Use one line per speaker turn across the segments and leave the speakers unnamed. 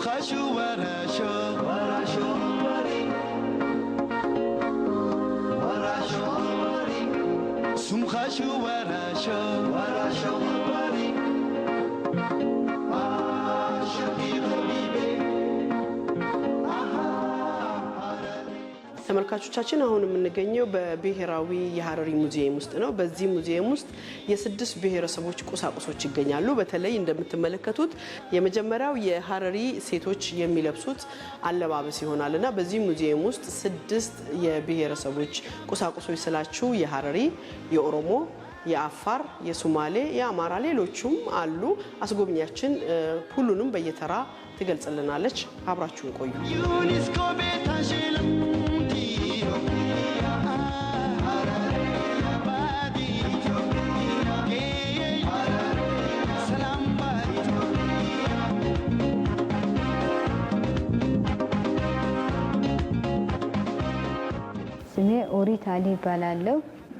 خشو ونشر ተመልካቾቻችን አሁን የምንገኘው በብሔራዊ የሀረሪ ሙዚየም ውስጥ ነው። በዚህ ሙዚየም ውስጥ የስድስት ብሔረሰቦች ቁሳቁሶች ይገኛሉ። በተለይ እንደምትመለከቱት የመጀመሪያው የሀረሪ ሴቶች የሚለብሱት አለባበስ ይሆናል እና በዚህ ሙዚየም ውስጥ ስድስት የብሔረሰቦች ቁሳቁሶች ስላችሁ የሀረሪ፣ የኦሮሞ የአፋር፣ የሱማሌ፣ የአማራ ሌሎቹም አሉ። አስጎብኛችን ሁሉንም በየተራ ትገልጽልናለች። አብራችሁን ቆዩ።
ኦሪት አሊ ይባላለሁ።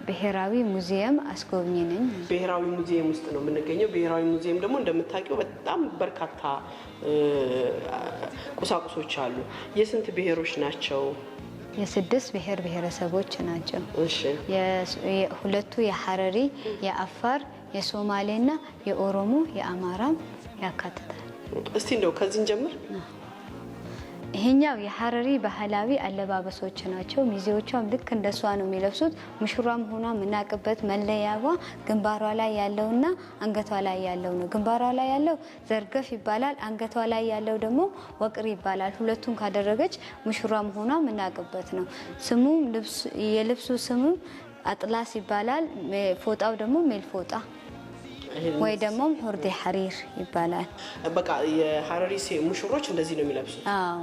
ብሔራዊ ሙዚየም አስጎብኝ ነኝ።
ብሔራዊ ሙዚየም ውስጥ ነው የምንገኘው። ብሔራዊ ሙዚየም ደግሞ እንደምታውቂው በጣም በርካታ ቁሳቁሶች አሉ። የስንት ብሔሮች ናቸው?
የስድስት ብሔር ብሔረሰቦች ናቸው። ሁለቱ የሐረሪ፣ የአፋር፣ የሶማሌና የኦሮሞ የአማራም ያካትታል።
እስቲ እንደው ከዚህን ጀምር
ይሄኛው የሀረሪ ባህላዊ አለባበሶች ናቸው። ሚዜዎቿም ልክ እንደሷ ነው የሚለብሱት። ሙሽሯም ሆኗ የምናቅበት መለያዋ ግንባሯ ላይ ያለውና አንገቷ ላይ ያለው ነው። ግንባሯ ላይ ያለው ዘርገፍ ይባላል። አንገቷ ላይ ያለው ደግሞ ወቅር ይባላል። ሁለቱን ካደረገች ሙሽራም ሆኗ የምናውቅበት ነው። ስሙም የልብሱ ስሙም አጥላስ ይባላል። ፎጣው ደግሞ ሜል ፎጣ ወይ ደግሞ ሁርዴ ሐሪር ይባላል።
በቃ የሐረሪ ሙሽሮች እንደዚህ ነው የሚለብሱት።
አዎ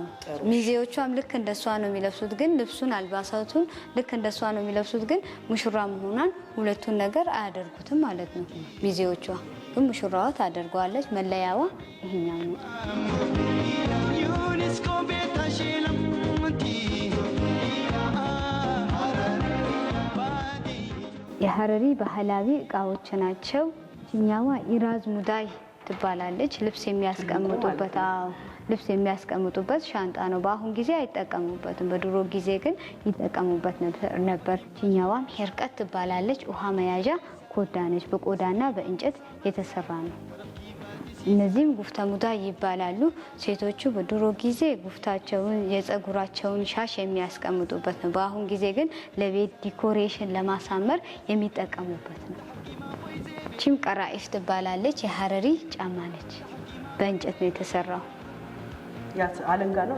ሚዜዎቿም ልክ እንደሷ ነው የሚለብሱት፣ ግን ልብሱን አልባሳቱን ልክ እንደሷ ነው የሚለብሱት፣ ግን ሙሽራ መሆኗን ሁለቱን ነገር አያደርጉትም ማለት ነው። ሚዜዎቿ ግን ሙሽራዋ ታደርገዋለች። መለያዋ ይሄኛው ነው። የሐረሪ ባህላዊ እቃዎች ናቸው። ኛዋ ኢራዝ ሙዳይ ትባላለች። ልብስ የሚያስቀምጡበት ልብስ የሚያስቀምጡበት ሻንጣ ነው። በአሁን ጊዜ አይጠቀሙበትም። በድሮ ጊዜ ግን ይጠቀሙበት ነበር። ችኛዋም ሄርቀት ትባላለች። ውሃ መያዣ ኮዳ ነች። በቆዳና በእንጨት የተሰራ ነው። እነዚህም ጉፍተ ሙዳይ ይባላሉ። ሴቶቹ በድሮ ጊዜ ጉፍታቸውን የጸጉራቸውን ሻሽ የሚያስቀምጡበት ነው። በአሁን ጊዜ ግን ለቤት ዲኮሬሽን ለማሳመር የሚጠቀሙበት ነው። እችም ቀራኢፍ ትባላለች። የሀረሪ ጫማ ነች። በእንጨት ነው የተሰራው። አለንጋ ነው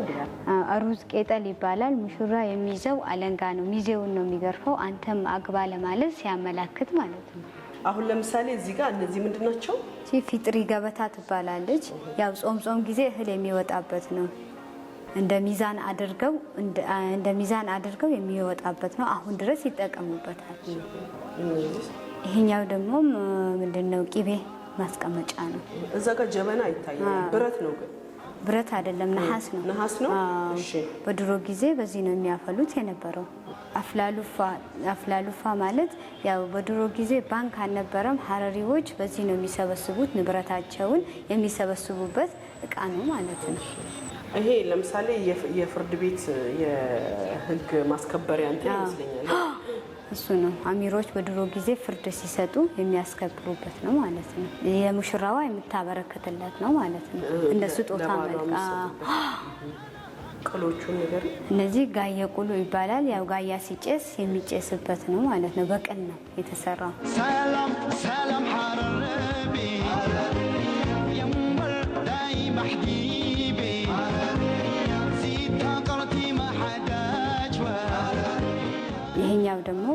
አሩዝ ቄጠል ይባላል። ሙሽራ የሚይዘው አለንጋ ነው። ሚዜውን ነው የሚገርፈው። አንተም አግባ ለማለት ሲያመላክት ማለት ነው።
አሁን ለምሳሌ እዚህ ጋር እነዚህ ምንድን ናቸው?
ፊጥሪ ገበታ ትባላለች። ያው ጾም ጾም ጊዜ እህል የሚወጣበት ነው። እንደ ሚዛን አድርገው እንደ ሚዛን አድርገው የሚወጣበት ነው። አሁን ድረስ ይጠቀሙበታል። ይሄኛው ደግሞ ምንድን ነው ቂቤ ማስቀመጫ ነው።
እዛ ጋር ጀበና ይታያል። ብረት ነው ግን
ብረት አይደለም፣ ነሐስ ነው። ነሐስ ነው። እሺ። በድሮ ጊዜ በዚህ ነው የሚያፈሉት የነበረው። አፍላሉፋ አፍላሉፋ ማለት ያው በድሮ ጊዜ ባንክ አልነበረም። ሀረሪዎች በዚህ ነው የሚሰበስቡት፣ ንብረታቸውን የሚሰበስቡበት እቃ ነው ማለት ነው።
ይሄ ለምሳሌ የፍርድ ቤት የህግ ማስከበሪያ እንትን ይመስለኛል
እሱ ነው። አሚሮች በድሮ ጊዜ ፍርድ ሲሰጡ የሚያስከብሩበት ነው ማለት ነው። የሙሽራዋ የምታበረክትለት ነው ማለት ነው። እንደ ስጦታ መልቃ
ቅሎቹ ነገር
እነዚህ ጋየ ቁሉ ይባላል። ያው ጋያ ሲጨስ የሚጨስበት ነው ማለት ነው። በቅል ነው የተሰራው። ሰላም ሰላም ሐረር ሌላው ደግሞ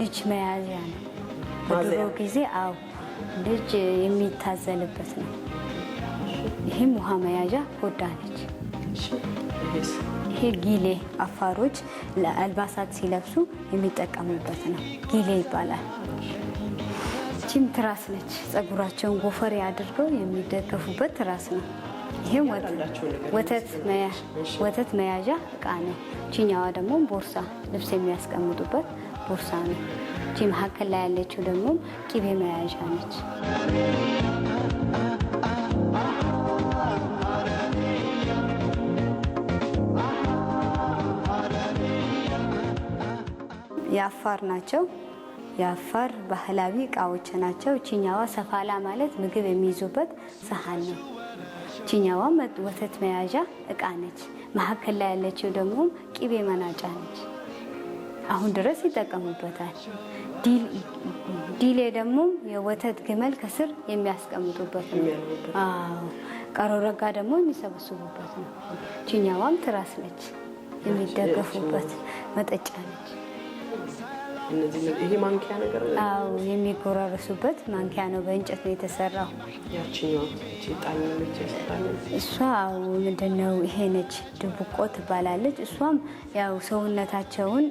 ልጅ መያዣ ነው። በድሮ ጊዜ አዎ ልጅ የሚታዘልበት ነው። ይህም ውሃ መያዣ ኮዳ ነች። ይሄ ጊሌ አፋሮች ለአልባሳት ሲለብሱ የሚጠቀሙበት ነው። ጊሌ ይባላል። ቺም ትራስ ነች። ጸጉራቸውን ጎፈሬ አድርገው የሚደገፉበት ትራስ ነው። ይህም ወተት ወተት መያዣ እቃ ነው። ችኛዋ ደግሞ ቦርሳ ልብስ የሚያስቀምጡበት ቦርሳ ነው። ቺ መካከል ላይ ያለችው ደግሞ ቂቤ መያዣ ነች። የአፋር ናቸው። የአፋር ባህላዊ እቃዎች ናቸው። ቺኛዋ ሰፋላ ማለት ምግብ የሚይዙበት ሰሀን ነው። ችኛዋ ወተት መያዣ እቃ ነች። መሀከል ላይ ያለችው ደግሞ ቂቤ መናጫ ነች። አሁን ድረስ ይጠቀሙበታል። ዲሌ ደግሞ የወተት ግመል ከስር የሚያስቀምጡበት ነው። ቀሮረጋ ደግሞ የሚሰበስቡበት ነው። ችኛዋም ትራስ ነች፣ የሚደገፉበት መጠጫ ነች።
ይሄ ማንኪያ ነገር
አዎ፣ የሚጎራረሱበት ማንኪያ ነው። በእንጨት ነው የተሰራው። እሷ ምንድን ነው ይሄ ነች፣ ድብቆ ትባላለች። እሷም ያው ሰውነታቸውን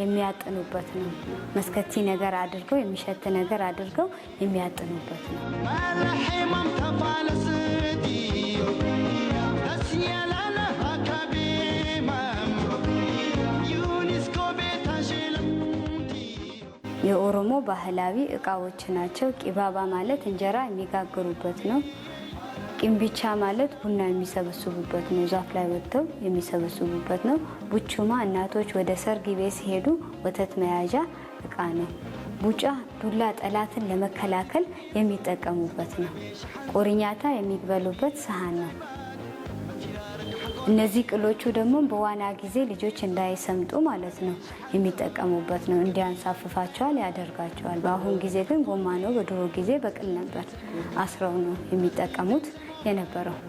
የሚያጥኑበት ነው። መስከቲ ነገር አድርገው የሚሸት ነገር አድርገው የሚያጥኑበት ነው። የኦሮሞ ባህላዊ እቃዎች ናቸው። ቂባባ ማለት እንጀራ የሚጋግሩበት ነው። ቂምቢቻ ማለት ቡና የሚሰበስቡበት ነው። ዛፍ ላይ ወጥተው የሚሰበስቡበት ነው። ቡቹማ እናቶች ወደ ሰርግ ቤት ሲሄዱ ወተት መያዣ እቃ ነው። ቡጫ ዱላ ጠላትን ለመከላከል የሚጠቀሙበት ነው። ቆርኛታ የሚበሉበት ሰሃን ነው። እነዚህ ቅሎቹ ደግሞ በዋና ጊዜ ልጆች እንዳይሰምጡ ማለት ነው የሚጠቀሙበት ነው። እንዲያንሳፍፋቸዋል ያደርጋቸዋል። በአሁን ጊዜ ግን ጎማ ነው። በድሮ ጊዜ በቅል ነበር አስረው ነው የሚጠቀሙት የነበረው።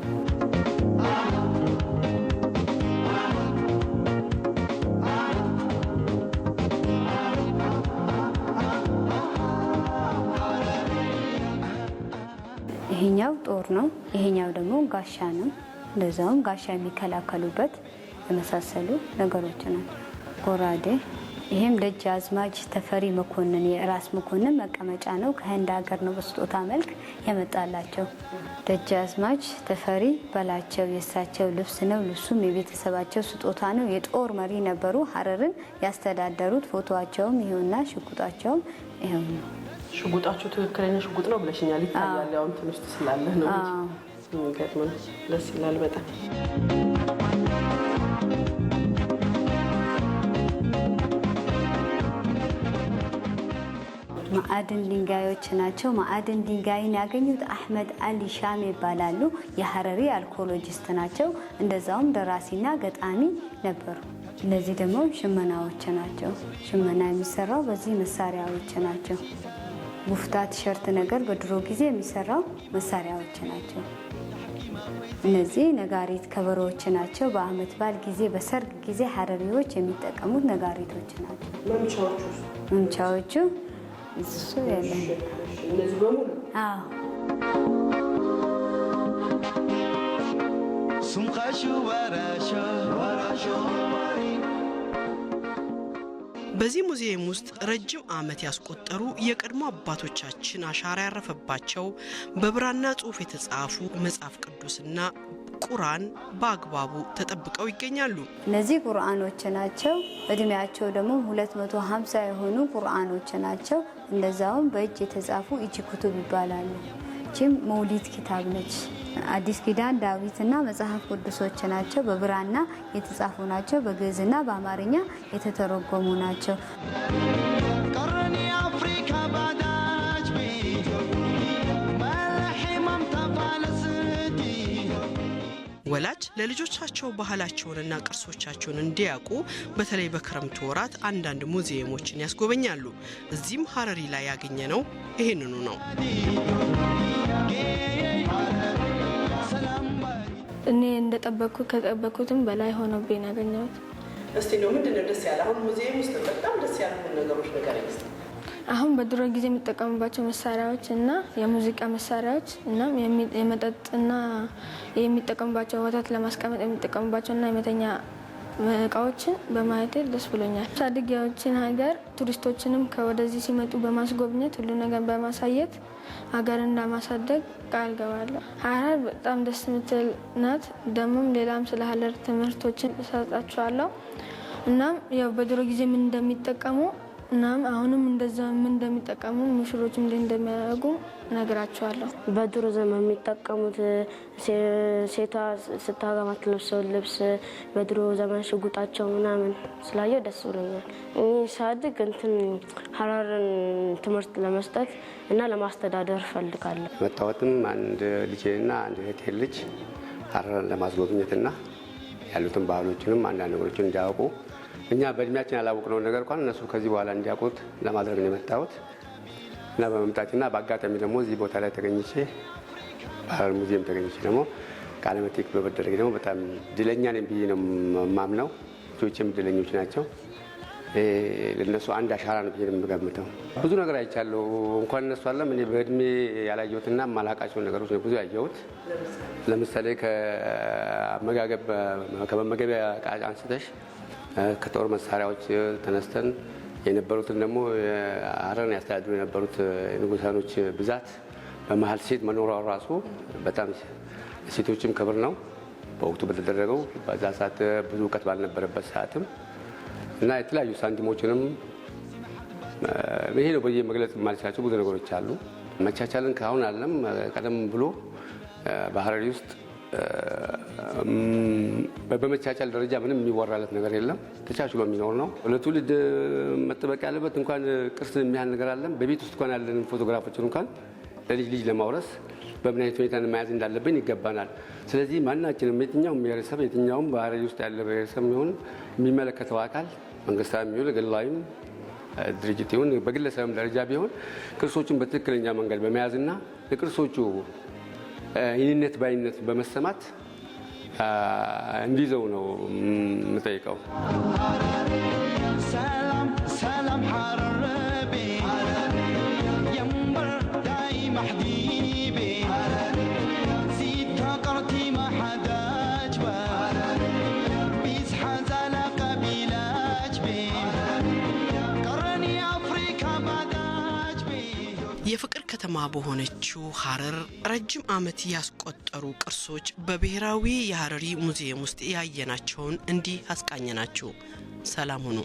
ይሄኛው ጦር ነው። ይሄኛው ደግሞ ጋሻ ነው። እንደዚያውም ጋሻ የሚከላከሉበት የመሳሰሉ ነገሮች ናቸው። ጎራዴ ይህም ደጅ አዝማች ተፈሪ መኮንን የራስ መኮንን መቀመጫ ነው። ከህንድ ሀገር ነው በስጦታ መልክ የመጣላቸው። ደጅ አዝማች ተፈሪ በላቸው የእሳቸው ልብስ ነው። ልብሱም የቤተሰባቸው ስጦታ ነው። የጦር መሪ ነበሩ። ሀረርን ያስተዳደሩት። ፎቶቸውም ይሄውና፣ ሽጉጣቸውም ይሄው ነው።
ሽጉጣቸው ትክክለኛ ሽጉጥ ነው ብለሽኛል። ይታያል። ያው እንትን ስላለ ነው ገጥሞ ደስ ይላል በጣም
ማዕድን ድንጋዮች ናቸው። ማዕድን ድንጋይን ያገኙት አህመድ አሊ ሻም ይባላሉ። የሀረሪ አልኮሎጂስት ናቸው። እንደዛውም ደራሲና ገጣሚ ነበሩ። እነዚህ ደግሞ ሽመናዎች ናቸው። ሽመና የሚሰራው በዚህ መሳሪያዎች ናቸው። ጉፍታ ቲሸርት ነገር በድሮ ጊዜ የሚሰራው መሳሪያዎች ናቸው። እነዚህ ነጋሪት ከበሮዎች ናቸው። በአመት በዓል ጊዜ፣ በሰርግ ጊዜ ሀረሪዎች የሚጠቀሙት ነጋሪቶች
ናቸው።
መምቻዎቹ እሱ ያለ
ወራሾ በዚህ ሙዚየም ውስጥ ረጅም ዓመት ያስቆጠሩ የቀድሞ አባቶቻችን አሻራ ያረፈባቸው በብራና ጽሑፍ የተጻፉ መጽሐፍ ቅዱስና ቁርአን በአግባቡ ተጠብቀው ይገኛሉ።
እነዚህ ቁርአኖች ናቸው። እድሜያቸው ደግሞ 250 የሆኑ ቁርአኖች ናቸው። እንደዛውም በእጅ የተጻፉ እጅ ኩቱብ ይባላሉ። ይችም መውሊት ኪታብ ነች። አዲስ ኪዳን ዳዊትና መጽሐፍ ቅዱሶች ናቸው። በብራና የተጻፉ ናቸው። በግዕዝና በአማርኛ የተተረጎሙ ናቸው።
ወላጅ ለልጆቻቸው ባህላቸውንና ቅርሶቻቸውን እንዲያውቁ በተለይ በክረምቱ ወራት አንዳንድ ሙዚየሞችን ያስጎበኛሉ። እዚህም ሀረሪ ላይ ያገኘ ነው ይህንኑ ነው።
እኔ እንደጠበቅኩት ከጠበቅኩትም በላይ ሆኖብኝ ያገኘሁት።
እስቲ ነው ምንድን ነው ደስ ያለ አሁን ሙዚየም ውስጥ በጣም ደስ ያሉ ነገሮች ነገር
አሁን በድሮ ጊዜ የሚጠቀሙባቸው መሳሪያዎች እና የሙዚቃ መሳሪያዎች እና የመጠጥና የሚጠቀሙባቸው ወተት ለማስቀመጥ የሚጠቀሙባቸው እና የመተኛ እቃዎችን በማደር ደስ ብሎኛል። ሳድጊያዎችን ሀገር ቱሪስቶችንም ከወደዚህ ሲመጡ በማስጎብኘት ሁሉ ነገር በማሳየት ሀገር እንዳማሳደግ ቃል ገባለሁ። ሀረር በጣም ደስ የምትል ናት። ደግሞም ሌላም ስለ ሀረር ትምህርቶችን እሰጣችኋለሁ። እናም ያው በድሮ ጊዜ ምን እንደሚጠቀሙ እናም አሁንም እንደዛ ምን እንደሚጠቀሙ ሙሽሮች እንዴት እንደሚያደርጉ ነግራቸዋለሁ። በድሮ ዘመን የሚጠቀሙት ሴቷ ስታገባ ልብስ በድሮ ዘመን ሽጉጣቸው ምናምን ስላየው ደስ ብሎኛል። እኔ ሳድግ እንትን ሀረርን ትምህርት ለመስጠት እና ለማስተዳደር እፈልጋለሁ።
መጣወትም አንድ ልጄና አንድ እህቴ ልጅ ሀረርን ለማስጎብኘትና ያሉትን ባህሎችንም አንዳንድ ነገሮችን እንዲያውቁ እኛ በእድሜያችን ያላወቅነውን ነገር እንኳን እነሱ ከዚህ በኋላ እንዲያውቁት ለማድረግ ነው የመጣሁት እና በመምጣትና በአጋጣሚ ደግሞ እዚህ ቦታ ላይ ተገኝቼ ባህል ሙዚየም ተገኝቼ ደግሞ ቃለ መጠይቅ በመደረግ ደግሞ በጣም ድለኛ ነኝ ብዬ ነው የማምነው። ልጆችም ድለኞች ናቸው። ለእነሱ አንድ አሻራ ነው ብዬ ነው የምገምተው። ብዙ ነገር አይቻለሁ። እንኳን እነሱ አለም እኔ በእድሜ ያላየሁትና የማላውቃቸውን ነገሮች ብዙ ያየሁት። ለምሳሌ ከመጋገብ ከመመገቢያ አንስተሽ ከጦር መሳሪያዎች ተነስተን የነበሩትን ደግሞ አረን ያስተዳድሩ የነበሩት ንጉሳኖች ብዛት በመሀል ሴት መኖሯ ራሱ በጣም ሴቶችም ክብር ነው። በወቅቱ በተደረገው በዛ ሰዓት ብዙ እውቀት ባልነበረበት ሰዓትም እና የተለያዩ ሳንቲሞችንም ይሄ ነው ብዬ መግለጽ የማልችላቸው ብዙ ነገሮች አሉ። መቻቻልን ከአሁን አለም ቀደም ብሎ ባህረሪ ውስጥ በመቻቻል ደረጃ ምንም የሚወራለት ነገር የለም። ተቻችሎ የሚኖር ነው። ለትውልድ መጠበቅ ያለበት እንኳን ቅርስ የሚያህል ነገር አለን። በቤት ውስጥ እንኳን ያለን ፎቶግራፎችን እንኳን ለልጅ ልጅ ለማውረስ በምን አይነት ሁኔታ መያዝ እንዳለብን ይገባናል። ስለዚህ ማናችንም የትኛውም ብሔረሰብ የትኛውም ባህሪ ውስጥ ያለ ብሔረሰብ የሚሆን የሚመለከተው አካል መንግስታ የሚሆን ግላዊም ድርጅት ይሁን በግለሰብም ደረጃ ቢሆን ቅርሶቹን በትክክለኛ መንገድ በመያዝና የቅርሶቹ የኔነት ባይነት በመሰማት እንዲይዘው ነው የምጠይቀው።
በሆነችው ሀረር ረጅም ዓመት ያስቆጠሩ ቅርሶች በብሔራዊ የሀረሪ ሙዚየም ውስጥ ያየናቸውን እንዲህ አስቃኘናችሁ። ሰላም ሁኑ።